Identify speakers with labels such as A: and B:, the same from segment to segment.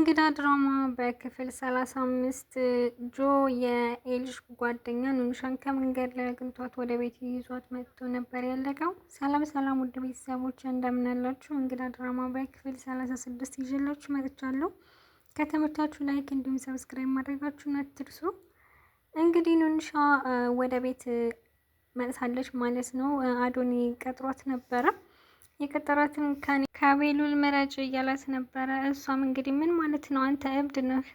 A: እንግዳ ድራማ በክፍል 35 ጆ የኤልሽ ጓደኛ ኑንሻን ከመንገድ ላይ አግኝቷት ወደ ቤት ይዟት መጥቶ ነበር ያለቀው። ሰላም ሰላም፣ ውድ ቤተሰቦች እንደምናላችሁ። እንግዳ ድራማ በክፍል 36 ይዤላችሁ መጥቻለሁ። ከተመቻችሁ ላይክ እንዲሁም ሰብስክራይብ ማድረጋችሁን አትርሱ። እንግዲህ ኑንሻ ወደ ቤት መጥታለች ማለት ነው። አዶኒ ቀጥሯት ነበረ የቀጠራትን ከቤሉል መረጭ እያላት ነበረ። እሷም እንግዲህ ምን ማለት ነው አንተ እብድ ነህ፣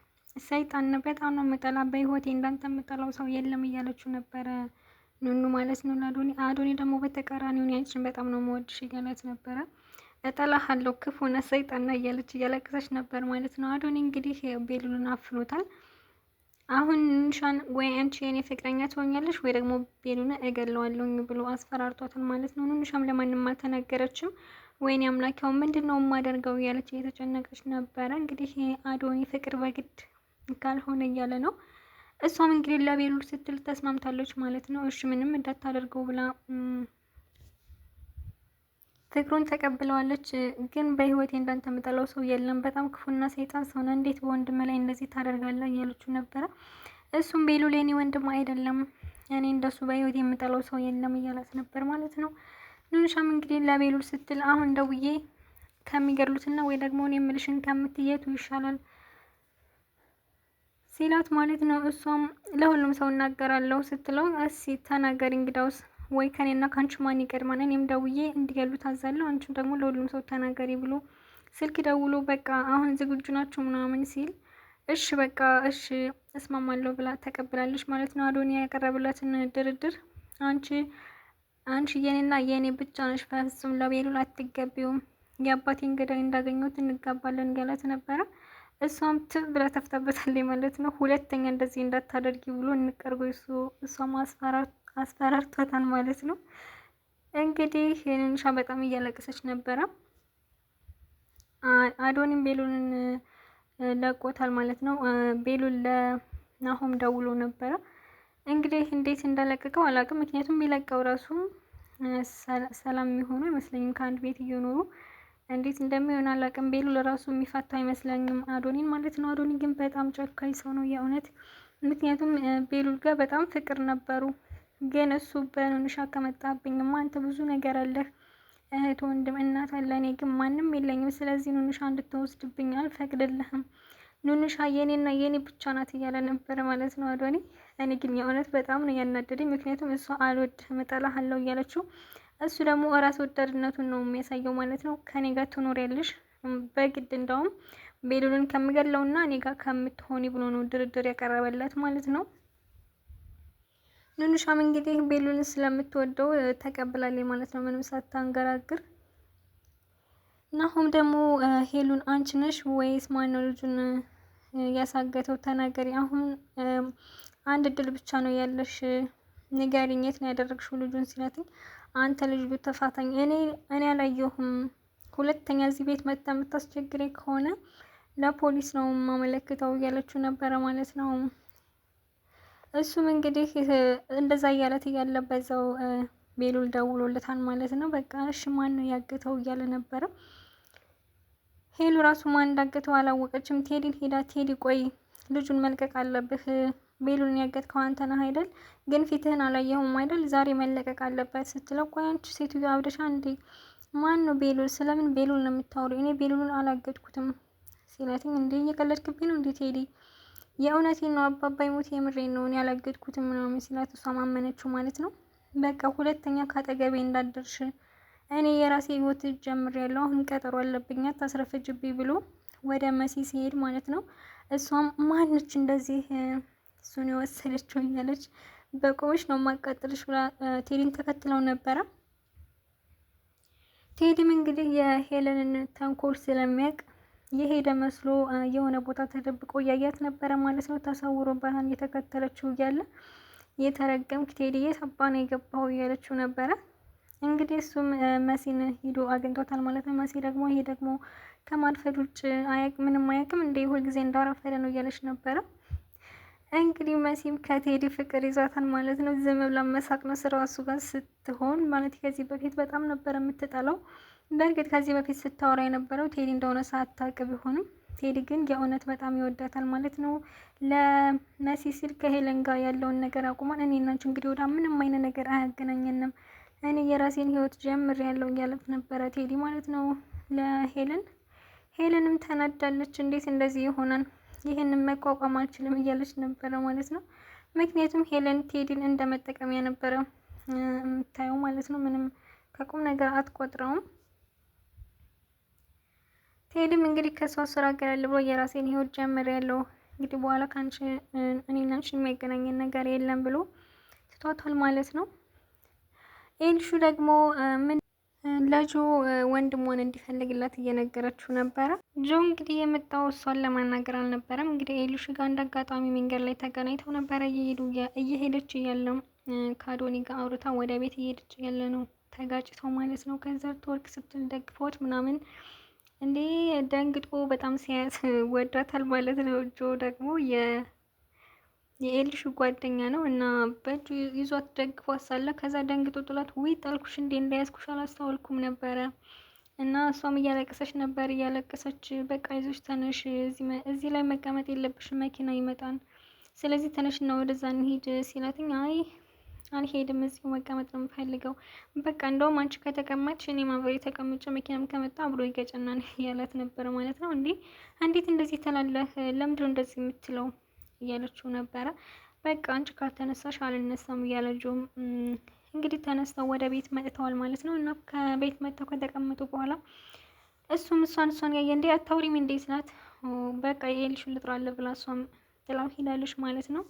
A: ሰይጣን በጣም ነው የምጠላ፣ በህይወቴ እንዳንተ የምጠላው ሰው የለም እያለችው ነበረ። ኑኑ ማለት ነው ለአዶኒ። አዶኒ ደግሞ በተቃራኒውን ያንችን በጣም ነው መወድሽ እያላት ነበረ። እጠላሃለሁ ክፉ ነህ ሰይጣን እያለች እያለቀሰች ነበር ማለት ነው። አዶኒ እንግዲህ ቤሉልን አፍኖታል። አሁን ኑሻን ወይ አንቺ የኔ ፍቅረኛ ትሆኛለሽ ወይ ደግሞ ቤሉን እገለዋለሁኝ ብሎ አስፈራርቷታል ማለት ነው። ኑሻም ለማንም አልተናገረችም። ወይኔ አምላኪያው ምንድን ነው የማደርገው እያለች እየተጨነቀች ነበረ። እንግዲህ አዶኒ ፍቅር በግድ ካልሆነ እያለ ነው። እሷም እንግዲህ ለቤሉ ስትል ተስማምታለች ማለት ነው። እሺ ምንም እንዳታደርገው ብላ ፍቅሩን ተቀብለዋለች። ግን በህይወቴ እንዳንተ የምጠላው ሰው የለም፣ በጣም ክፉና ሰይጣን ሰው እንዴት በወንድም ላይ እንደዚህ ታደርጋለህ እያለችው ነበረ። እሱም ቤሉ የኔ ወንድም አይደለም፣ እኔ እንደሱ በህይወቴ የምጠላው ሰው የለም እያላት ነበር ማለት ነው። ኑንሻም እንግዲህ ለቤሉል ስትል አሁን ደውዬ ከሚገድሉትና ወይ ደግሞ እኔ የምልሽን ከምትየቱ ይሻላል ሲላት ማለት ነው። እሷም ለሁሉም ሰው እናገራለሁ ስትለው እሲ ተናገሪ እንግዳውስ ወይ ከኔና ከአንቺ ማን ይቀድማል? እኔም ደውዬ እንዲገሉ ታዛለሁ፣ አንቺም ደግሞ ለሁሉም ሰው ተናገሪ ብሎ ስልክ ደውሎ በቃ አሁን ዝግጁ ናቸው ምናምን ሲል እሺ በቃ እሺ እስማማለሁ ብላ ተቀብላለች ማለት ነው። አዶኒያ ያቀረብላትን ድርድር አንቺ አንቺ የኔና የኔ ብቻ ነሽ፣ በፍጹም ለቤሉል አትገቢውም፣ የአባቴን ገዳይ እንዳገኘሁት እንጋባለን እያላት ነበረ። እሷም ትብ ብላ ተፍታበታለች ማለት ነው። ሁለተኛ እንደዚህ እንዳታደርጊ ብሎ እንቀርጎ እሷ ማስፈራራት አስፈራርቷታል ማለት ነው። እንግዲህ ይህንንሻ በጣም እያለቀሰች ነበረ። አዶኒም ቤሉልን ለቆታል ማለት ነው። ቤሉል ለናሆም ደውሎ ነበረ። እንግዲህ እንዴት እንዳለቀቀው አላውቅም። ምክንያቱም የሚለቀው ራሱ ሰላም የሚሆኑ አይመስለኝም። ከአንድ ቤት እየኖሩ እንዴት እንደሚሆን አላውቅም። ቤሉ ለራሱ የሚፈታው አይመስለኝም አዶኒን ማለት ነው። አዶኒ ግን በጣም ጨካኝ ሰው ነው የእውነት። ምክንያቱም ቤሉል ጋር በጣም ፍቅር ነበሩ። ግን እሱ በኑኑሻ ከመጣብኝማ አንተ ብዙ ነገር አለህ፣ እህት ወንድም፣ እናት አለ። እኔ ግን ማንም የለኝም። ስለዚህ ኑንሻ እንድትወስድብኝ አልፈቅድልህም። ኑንሻ የኔና የኔ ብቻ ናት እያለ ነበረ ማለት ነው አዶኒ። እኔ ግን የእውነት በጣም ነው ያናደደኝ። ምክንያቱም እሷ አልወድህም፣ እጠላሃለሁ እያለችው እሱ ደግሞ ራስ ወዳድነቱን ነው የሚያሳየው ማለት ነው። ከኔ ጋር ትኖሪያለሽ በግድ እንደውም ቤሉልን ከምገለውና እኔ ጋር ከምትሆኒ ብሎ ነው ድርድር ያቀረበላት ማለት ነው። ኑኑሻም እንግዲህ ቤሉልን ስለምትወደው ተቀብላለች ማለት ነው፣ ምንም ሳታንገራግር። ናሁም ደግሞ ሄሉን አንቺ ነሽ ወይስ ማነው ልጁን ያሳገተው? ተናገሪ። አሁን አንድ እድል ብቻ ነው ያለሽ፣ ንገሪኝ፣ የት ነው ያደረግሽው ልጁን ሲላትኝ፣ አንተ ልጅ ብትፋታኝ እኔ እኔ አላየሁም። ሁለተኛ እዚህ ቤት መጥታ የምታስቸግሬ ከሆነ ለፖሊስ ነው የማመለክተው እያለችው ነበረ ማለት ነው። እሱም እንግዲህ እንደዛ እያለት እያለ በዛው ቤሉል ደውሎለታል ማለት ነው። በቃ እሺ ማን ነው ያገተው እያለ ነበረ። ሄሉ ራሱ ማን እንዳገተው አላወቀችም። ቴዲን ሄዳ ቴዲ ቆይ ልጁን መልቀቅ አለብህ ቤሉልን ያገትከው አንተ ነህ አይደል? ግን ፊትህን አላየሁም አይደል? ዛሬ መለቀቅ አለበት ስትለው ቆይ አንቺ ሴትዮ አብደሻ እንዴ? ማን ነው ቤሉል? ስለምን ቤሉል ነው የምታወሪው? እኔ ቤሉልን አላገድኩትም ሲላትኝ እንዴ እየቀለድክብኝ ነው እንዴ ቴዲ የእውነቴን ነው አባባይ ሞት የምሬ ነው ያላገድኩት ምናምን ሲላት እሷ ማመነችው ማለት ነው። በቃ ሁለተኛ ካጠገቤ እንዳደርሽ እኔ የራሴ ህይወት ያለው አሁን ቀጠሮ አለብኝ አታስረፍጅብኝ ብሎ ወደ መሲ ሲሄድ ማለት ነው። እሷም ማነች እንደዚህ እሱን የወሰደችው እያለች በቆሽ ነው ማቃጠልሽ ብላ ቴዲን ተከትለው ነበረ። ቴዲም እንግዲህ የሄለንን ተንኮል ስለሚያውቅ የሄደ መስሎ የሆነ ቦታ ተደብቆ እያያት ነበረ ማለት ነው። ባህን እየተከተለችው እያለ የተረገምክ ቴዲ የሰባ ነው የገባው እያለችው ነበረ። እንግዲህ እሱም መሲን ሂዶ አግኝቷታል ማለት ነው። መሲ ደግሞ ይሄ ደግሞ ከማልፈድ ውጭ ምንም አያውቅም እንደ ሁልጊዜ እንዳረፈደ ነው እያለች ነበረ። እንግዲህ መሲም ከቴዲ ፍቅር ይዛታል ማለት ነው። ዝም ብላ መሳቅ ነው ስራው እሱ ጋር ስትሆን ማለት ከዚህ በፊት በጣም ነበረ የምትጠላው በእርግጥ ከዚህ በፊት ስታወራ የነበረው ቴዲ እንደሆነ ሳታውቅ ቢሆንም ቴዲ ግን የእውነት በጣም ይወዳታል ማለት ነው። ለመሲ ሲል ከሄለን ጋር ያለውን ነገር አቁማል። እኔ እና እንግዲህ ወዳ ምንም አይነት ነገር አያገናኘንም፣ እኔ የራሴን ህይወት ጀምር ያለው እያለት ነበረ ቴዲ ማለት ነው ለሄለን። ሄለንም ተናዳለች። እንዴት እንደዚህ ይሆናል? ይህንን መቋቋም አልችልም እያለች ነበረ ማለት ነው። ምክንያቱም ሄለን ቴዲን እንደ መጠቀሚያ ነበረ የምታየው ማለት ነው። ምንም ከቁም ነገር አትቆጥረውም። ስሄድም እንግዲህ ከሷ ስራ ገለል ብሎ የራሴን ህይወት ጀምር ያለው እንግዲህ በኋላ ከአንቺ እኔና አንቺ የሚያገናኘን ነገር የለም ብሎ ትቷቷል ማለት ነው። ኤልሹ ደግሞ ምን ለጆ ወንድሟን እንዲፈልግላት እየነገረችው ነበረ። ጆ እንግዲህ የመጣው እሷን ለማናገር አልነበረም። እንግዲህ ኤልሹ ጋር እንደ አጋጣሚ መንገድ ላይ ተገናኝተው ነበረ። እየሄዱ እየሄደች እያለው ከአዶኒ ጋር አውርታ ወደ ቤት እየሄደች እያለ ነው ተጋጭተው ማለት ነው። ከዛ ትወርክ ስትል ደግፈዋት ምናምን እንዴ ደንግጦ በጣም ሲያያት ወዳታል ማለት ነው። እጆ ደግሞ የኤልሹ ጓደኛ ነው እና በእጁ ይዟት ደግፏት ሳለ ከዛ ደንግጦ ጥላት ውይ ጣልኩሽ እንዴ እንዳያዝኩሽ አላስተዋልኩም ነበረ እና እሷም እያለቀሰች ነበር። እያለቀሰች በቃ ይዞች ተነሽ፣ እዚህ ላይ መቀመጥ የለብሽ መኪና ይመጣል፣ ስለዚህ ተነሽና ወደዛ እንሂድ ሲላትኝ አይ አልሄድም፣ እዚሁ መቀመጥ ነው የምፈልገው። በቃ እንደውም አንቺ ከተቀመጥሽ እኔ ማብሬ ተቀምጬ መኪናም ከመጣ አብሮ ይገጨናል እያላት ነበረ ማለት ነው። እንዴ እንዴት እንደዚህ ትላለህ? ለምንድነው እንደዚህ የምትለው? እያለችው ነበረ። በቃ አንቺ ካልተነሳሽ አልነሳም እያለችውም እንግዲህ ተነስተው ወደ ቤት መጥተዋል ማለት ነው። እና ከቤት መጥተው ከተቀመጡ በኋላ እሱም እሷን እሷን ያየ እንዴ አታውሪም እንዴት ናት? በቃ የልሽ ልጥራለ ብላ እሷም ጥላው ሄዳለች ማለት ነው።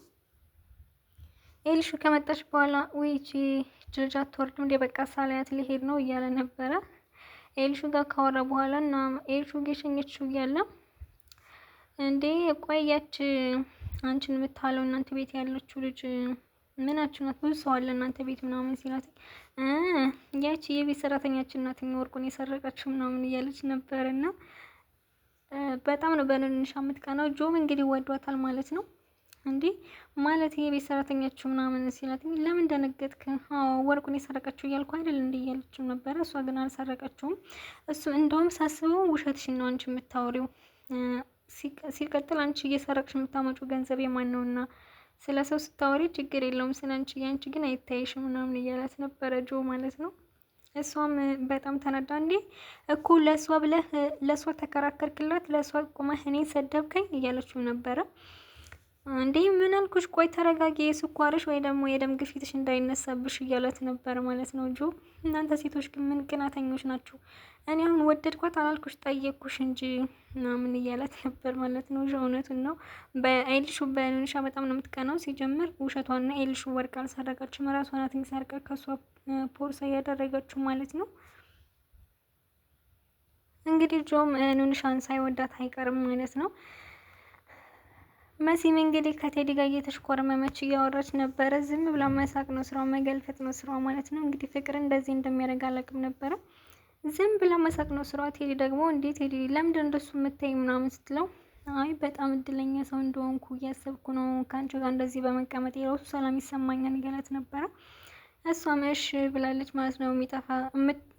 A: ኤልሹ ከመጣች በኋላ ውይቺ ልጅ አትወርድም እንዴ? በቃ ሳላያት ሊሄድ ነው እያለ ነበረ። ኤልሹ ጋር ካወራ በኋላ እና ኤልሹ የሸኘችው እያለ እንዴ ቆያች አንቺን የምታለው እናንተ ቤት ያለችው ልጅ ምናችሁ ናት? ብዙ ሰው አለ እናንተ ቤት ምናምን ሲላት ያቺ የቤት ሰራተኛችን ናት ወርቁን የሰረቀችው ምናምን እያለች ነበርና በጣም ነው በንንሻ የምትቀናው። ጆም እንግዲህ ወዷታል ማለት ነው። እንዴ ማለት የቤት ሰራተኛችሁ ምናምን ሲላት ለምን ደነገጥክ? አዎ ወርቁን የሰረቀችው እያልኩ አይደል እንዴ እያለችው ነበረ። እሷ ግን አልሰረቀችውም። እሱ እንደውም ሳስበው ውሸትሽን ነው አንቺ የምታወሪው፣ ሲቀጥል አንቺ እየሰረቅሽ የምታመጩ ገንዘብ የማን ነውና ስለ ሰው ስታወሪ ችግር የለውም ስለ አንቺ የአንቺ ግን አይታይሽም ምናምን እያላት ነበረ ጆ ማለት ነው። እሷም በጣም ተናዳ እንዴ እኮ ለእሷ ብለህ ለእሷ ተከራከርክላት፣ ለእሷ ቁመህ እኔን ሰደብከኝ እያለችው ነበረ። እንዴ ምን አልኩሽ? ቆይ ተረጋጊ፣ የስኳርሽ ወይ ደግሞ የደም ግፊትሽ እንዳይነሳብሽ እያለት ነበር ማለት ነው ጆ። እናንተ ሴቶች ግን ምን ቅናተኞች ናችሁ! እኔ አሁን ወደድኳት አላልኩሽ ጠየቅኩሽ እንጂ ምናምን እያላት ነበር ማለት ነው ጆ። እውነቱን ነው በኤልሹ በኑንሻ በጣም ነው የምትቀናው። ሲጀምር ውሸቷና ኤልሹ ወርቅ አልሰረቀችም፣ ራሷ ናት ሰርቃ ከሷ ፖርሳ እያደረገችው ማለት ነው። እንግዲህ ጆም ኑንሻን ሳይወዳት አይቀርም ማለት ነው። መሲም እንግዲህ ከቴዲ ጋር እየተሽኮረመመች እያወራች ነበረ። ዝም ብላ መሳቅ ነው ስራ፣ መገልፈጥ ነው ስራ ማለት ነው። እንግዲህ ፍቅር እንደዚህ እንደሚያደርግ አላውቅም ነበረ። ዝም ብላ መሳቅ ነው ስራዋ። ቴዲ ደግሞ እንዴ ቴዲ ለምንድን እንደሱ የምታይ ምናምን ስትለው አይ በጣም እድለኛ ሰው እንደሆንኩ እያሰብኩ ነው ከአንቺ ጋር እንደዚህ በመቀመጥ የራሱ ሰላም ይሰማኛል እያላት ነበረ። እሷም እሺ ብላለች ማለት ነው።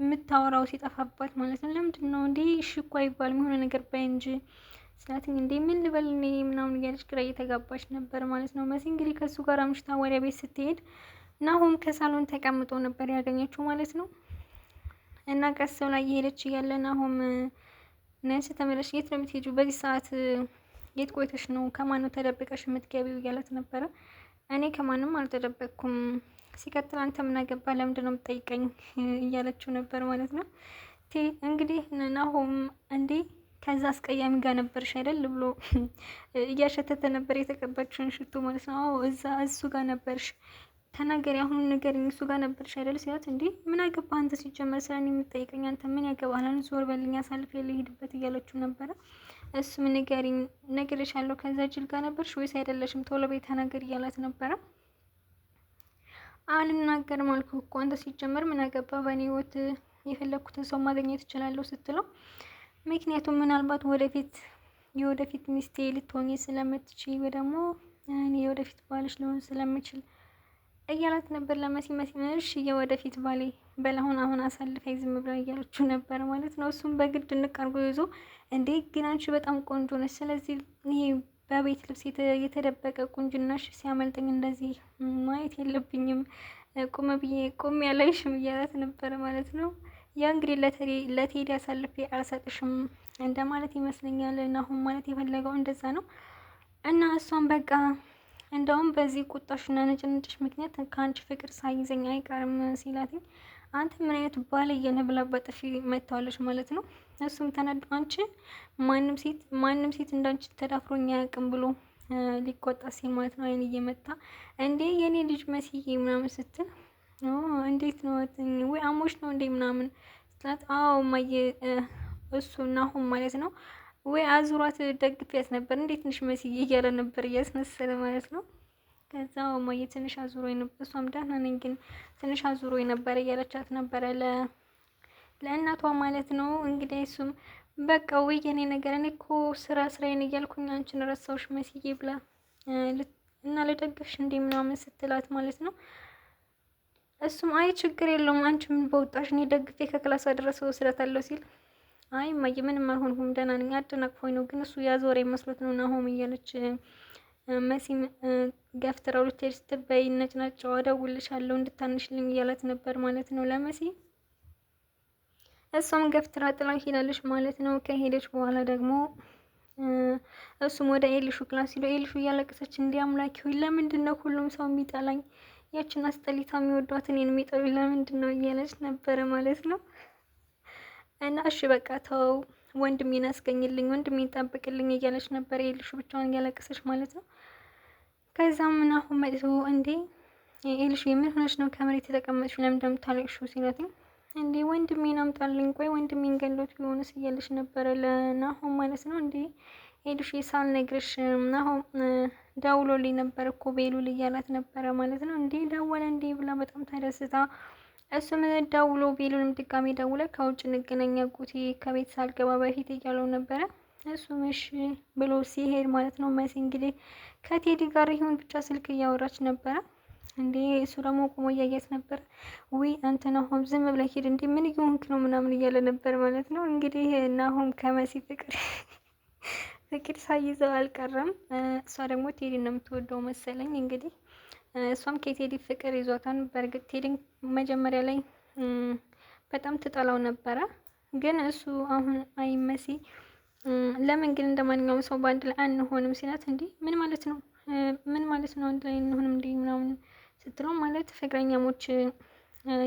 A: የምታወራው ሲጠፋባት ማለት ነው። ለምንድን ነው እንዲህ እሺ እኮ አይባልም የሆነ ነገር በይ እንጂ ስላትኝ እንዴ ምን ልበል እኔ ምናምን እያለች ግራ እየተጋባች ነበር ማለት ነው። መሲ እንግዲህ ከእሱ ጋር አምሽታ ወደ ቤት ስትሄድ ናሆም ከሳሎን ተቀምጦ ነበር ያገኘችው ማለት ነው። እና ቀስ ብላ እየሄደች እያለ ናሆም ነንስ ተመለሽ፣ የት ነው የምትሄጂው? በዚህ ሰዓት የት ቆይተሽ ነው? ከማን ነው ተደብቀሽ የምትገቢው? እያላት ነበረ። እኔ ከማንም አልተደበቅኩም። ሲቀጥል አንተ ምን አገባ? ለምንድን ነው የምትጠይቀኝ? እያለችው ነበር ማለት ነው። እንግዲህ ናሆም እንዴ ከዛ አስቀያሚ ጋር ነበርሽ አይደል ብሎ እያሸተተ ነበር የተቀባችውን ሽቶ ማለት ነው። አዎ እዛ እሱ ጋር ነበርሽ ተናገሪ፣ አሁን ንገሪኝ፣ እሱ ጋር ነበርሽ አይደል ሲላት፣ እንዴ ምን አገባህ አንተ ሲጀመር ስለኔ የምጠይቀኝ አንተ ምን ያገባህላን? ዞር በልኝ አሳልፌ ልሂድበት እያለችው ነበረ። እሱ እሱም ንገሪኝ፣ ነግሬሻለሁ፣ ከዛ ጅል ጋር ነበርሽ ወይስ አይደለሽም? ቶሎ ቤት ተናገር እያላት ነበረ። አልናገርም አልኩህ እኮ አንተ ሲጀመር ምን አገባህ በእኔ ህይወት የፈለግኩትን ሰው ማግኘት እችላለሁ ስትለው ምክንያቱም ምናልባት ወደፊት የወደፊት ሚስቴ ልትሆኝ ስለምትችል ወይ ደግሞ እኔ የወደፊት ባልሽ ልሆን ስለምችል እያላት ነበር። ለመሲ መሲመሽ የወደፊት ባሌ በላሁን አሁን አሳልፈ ዝም ብላ እያለች ነበር ማለት ነው። እሱም በግድ ንቅ ይዞ እንዴ ግን አንቺ በጣም ቆንጆ ነች፣ ስለዚህ ይሄ በቤት ልብስ የተደበቀ ቁንጅናሽ ሲያመልጠኝ እንደዚህ ማየት የለብኝም ቁም ብዬ ቁም ያላይሽም እያላት ነበር ማለት ነው። ያ እንግዲህ ለቴዲ አሳልፌ አልሰጥሽም እንደማለት ይመስለኛል። እና አሁን ማለት የፈለገው እንደዛ ነው። እና እሷም በቃ እንደውም በዚህ ቁጣሽና ነጭነጭሽ ምክንያት ከአንቺ ፍቅር ሳይዘኝ አይቀርም ሲላትኝ አንተ ምን አይነት ባለየ ነህ ብላ በጥፊ መታዋለች ማለት ነው። እሱም ተናዱ አንቺ ማንም ሴት ማንም ሴት እንዳንቺ ተዳፍሮኝ አያውቅም ብሎ ሊቆጣ ሲል ማለት ነው። አይን እየመታ እንዴ የኔ ልጅ መስዬ ምናምን ስትል እንዴት ነው ወይ አሞሽ ነው እንዴ ምናምን ስትላት፣ አዎ እማዬ እሱ እና አሁን ማለት ነው ወይ አዙሯት ደግፊያት ነበር እንዴ ትንሽ መስዬ እያለ ነበር እያስመሰለ ማለት ነው። ከዛ እማዬ ትንሽ አዙሮ ነበር እሷም ደህና ነኝ ግን ትንሽ አዙሮ ነበር እያለቻት ነበረ ለእናቷ ማለት ነው። እንግዲህ እሱም በቃ ወይ የኔ ነገር እኔ እኮ ስራ ስራዬን እያልኩኝ አንቺን ረሳሁሽ መስዬ ብላ እና ልደግፍሽ እንዴ ምናምን ስትላት ማለት ነው እሱም አይ ችግር የለውም አንቺ ምን በወጣሽ እኔ ደግፌ ከክላስ አደረሰ ወስደታለሁ ሲል አይ ማየ ምንም አልሆንኩም ደህና ነኝ፣ አደናቅፎኝ ነው ግን እሱ ያዝ ወሬ መስሎት ነው ናሆም እያለች መሲም ገፍትራው ልትሄድ ስትል በይ እደውልልሻለሁ እንድታንሽልኝ እያላት ነበር ማለት ነው ለመሲ። እሷም ገፍትራ ጥላ ሄዳለች ማለት ነው። ከሄደች በኋላ ደግሞ እሱም ወደ ኤልሹ ክላስ ሄዶ ኤልሹ እያለቀሰች እንዲህ አምላኪ ሆይ ለምንድን ነው ሁሉም ሰው የሚጠላኝ ያችን አስጠሊታ የሚወዷትን እኔን የሚጠሉ ለምንድን ነው እያለች ነበረ ማለት ነው። እና እሺ በቃ ተው ወንድሜን አስገኝልኝ፣ ወንድሜን ጠብቅልኝ እያለች ነበረ የልሹ ብቻዋን እያለቀሰች ማለት ነው። ከዛም ምናሁን መጥቶ እንዴ ኤልሹ የምን ሆነች ነው ከመሬት የተቀመጥሽ ለምን እንደምታለቅሹ ሲላትኝ እንዴ ወንድሜን አምጣልኝ፣ ቆይ ወንድሜን ገሎት ቢሆንስ እያለች ነበረ ለናሆም ማለት ነው። እንዴ ኤልሹ ሳልነግርሽ ናሆም ደውሎልኝ ነበር እኮ ቤሉል እያላት ነበረ ማለት ነው። እንዴ ደወለ እንዴ ብላ በጣም ተደስታ እሱም ደውሎ ቤሉንም ድጋሜ ደውለ ከውጭ እንገናኛ ቁቲ ከቤት ሳልገባ በፊት እያለው ነበረ። እሱም እሺ ብሎ ሲሄድ ማለት ነው። መሲ እንግዲህ ከቴዲ ጋር ይሁን ብቻ ስልክ እያወራች ነበረ። እንዴ እሱ ደግሞ ቁሞ እያያት ነበር። ውይ አንተ ናሆም ዝም ብለህ ሂድ እንዴ ምን እየሆንክ ነው ምናምን እያለ ነበር ማለት ነው። እንግዲህ ናሆም ከመሲ ፍቅር ፍቅር ሳይዘው አልቀረም። እሷ ደግሞ ቴዲ ነው የምትወደው መሰለኝ እንግዲህ እሷም ከቴዲ ፍቅር ይዟታን። በእርግጥ ቴዲ መጀመሪያ ላይ በጣም ትጠላው ነበረ፣ ግን እሱ አሁን አይመሲ ለምን ግን እንደ ማንኛውም ሰው በአንድ ላይ አንሆንም ሲላት፣ እንዲህ ምን ማለት ነው? ምን ማለት ነው? አንድ ላይ እንሆንም እንዲህ ምናምን ስትለው ማለት ፍቅረኛሞች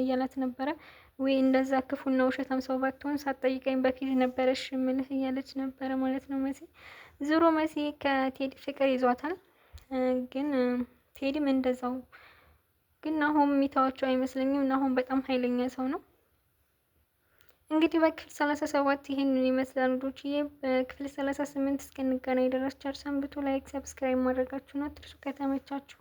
A: እያላት ነበረ። ወይ እንደዛ ክፉና ውሸታም ሰው ባትሆን ሳትጠይቀኝ በፊት ነበረሽ ምልህ እያለች ነበረ ማለት ነው። መሲ ዝሮ መሲ ከቴዲ ፍቅር ይዟታል። ግን ቴዲም እንደዛው ግን ናሆም የሚተዋቸው አይመስለኝም። ናሆም በጣም ኃይለኛ ሰው ነው። እንግዲህ በክፍል ሰላሳ ሰባት ይሄንን ይመስላል ልጆችዬ። በክፍል ሰላሳ ስምንት እስከንገናኝ ድረስ ቸር ብቶ ላይክ፣ ሰብስክራይብ ማድረጋችሁን አትርሱ ከተመቻችሁ